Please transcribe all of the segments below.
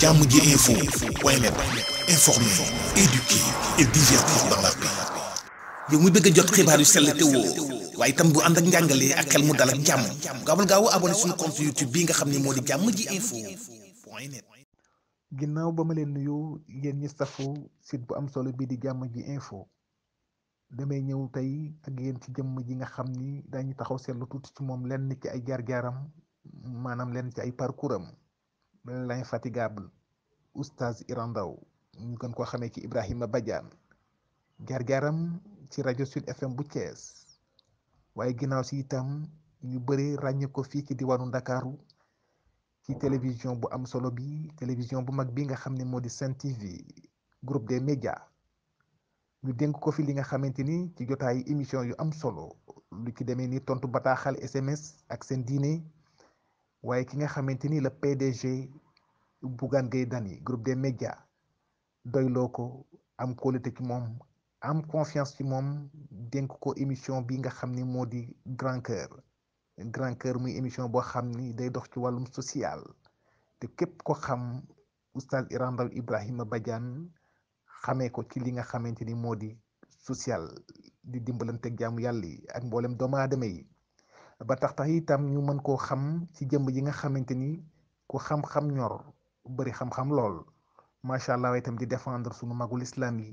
jàmm ji info waaye nag informer, éduquer yow mi bëgg a jot xibaar yu sell te waaye itam bu ànd ak njàngalee ak xel mu dal ak jàmm gaawal gaaw abonné suñu compte YouTube bii nga xam ne moo di jàmm ji info. ginnaaw ba ma leen nuyu yéen ñi safoo bu am solo bii di jàmm ji info damay ñëw tey ak yéen ci jëmm ji nga xam ni dañu taxaw seetlu tuuti ci moom lenn ci ay jaar-jaaram maanaam lenn ci ay parcours am. mel l'infatigable oustaz Iran Ndao ñu gën koo xamee ci Ibrahima Badiane jaar-jaaram ci rajo Sud FM bu Thiès waaye ginnaaw si itam ñu bëri ràññee ko fii ci diwaanu Ndakaaru ci télévision bu am solo bi télévision bu mag bi nga xam ne moo di Sen TV groupe de média ñu dénk ko fi li nga xamante ni ci jotaayu émission yu am solo lu ci demee ni tontu bataaxal SMS ak seen diine. waaye ki nga xamante ni le PDG Bougane Gueye Dany group des médias doyloo ko am kóolute ci moom am confiance ci moom dénk ko émission bi nga xam ni moo di Grand Cœur Grand Cœur muy émission boo xam ni day dox ci wàllum social te képp ko xam oustaz Irandal Ibrahima Badiane xamee ko ci li nga xamante ni moo di social di dimbalante ak jaamu yàlla yi ak mboolem doomu aadama yi ba tax tax itam ñu mën koo xam ci jëmm ji nga xamante ni ku xam-xam ñor bari xam-xam lool macha allah waaye tamit di defendre suñu magul islam yi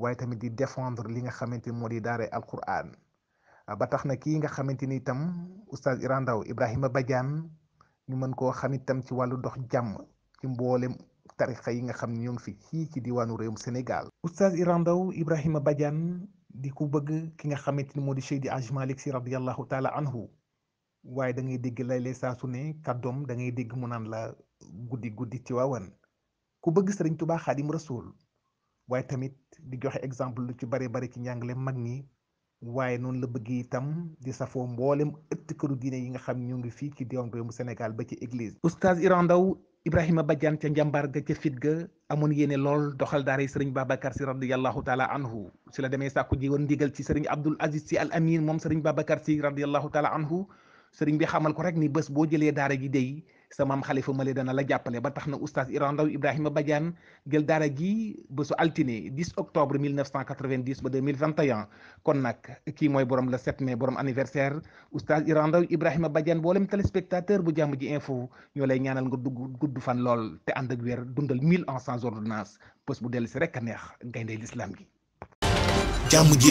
waaye tamit di défendre li nga xamante ni moo di daaree alquran ba tax na kii nga xamante ni itam oustaz Iran Ndao Ibrahima Badiane ñu mën koo xam itam ci wàllu dox jàmm ci mboolem yi nga xam ne fi fii ci diwaanu réewum Sénégal. Iran Ndao Ibrahima Badiane di ku bëgg ki nga xamante ni moo di Seydi Aj Malik Si radiyallahu taala anhu waaye da ngay dégg lay lay saa su ne kàddoom da ngay dégg mu naan la guddi guddi ci waawan ku bëgg Sëriñ Tuubaa Xaadim Rasuul waaye tamit di joxe exemple lu ci bare bari ci leen mag ñi waaye noonu la bëgg itam di safoo mboolem ëtt këru diine yi nga xam ñu ngi fii ci diwaan réew mu Sénégal ba ci église. Oustaz Iran Ndaw Ibrahima Badiane ca njàmbaar ga ca fit ga amoon yéene lool doxal daaray sëriñ baaba si radiallahu taala anhu si la demee sàkku ji woon ndigal ci sëriñ Abdul Aziz si al moom sëriñ Babacar si radiallahu taala anhu sëriñ bi xamal ko rek ni bés boo jëlee daara ji day sa maam xalifa male dana la jàppale ba tax na oustaz Iran Ndaw Ibrahima Badiane jël daara ji ba su altine 10 octobre 1990 ba 2021 kon nag kii mooy borom la 7 mai borom anniversaire oustaz Iran Ndaw Ibrahima Badiane boolem telespectateur bu jàmm ji info ñoo lay ñaanal nga dugg gudd fan lool te ànd a weer dundal 1000 ans sans ordonnance pos bu dellu si rek a neex gayndey l'islam gi. jàmm ji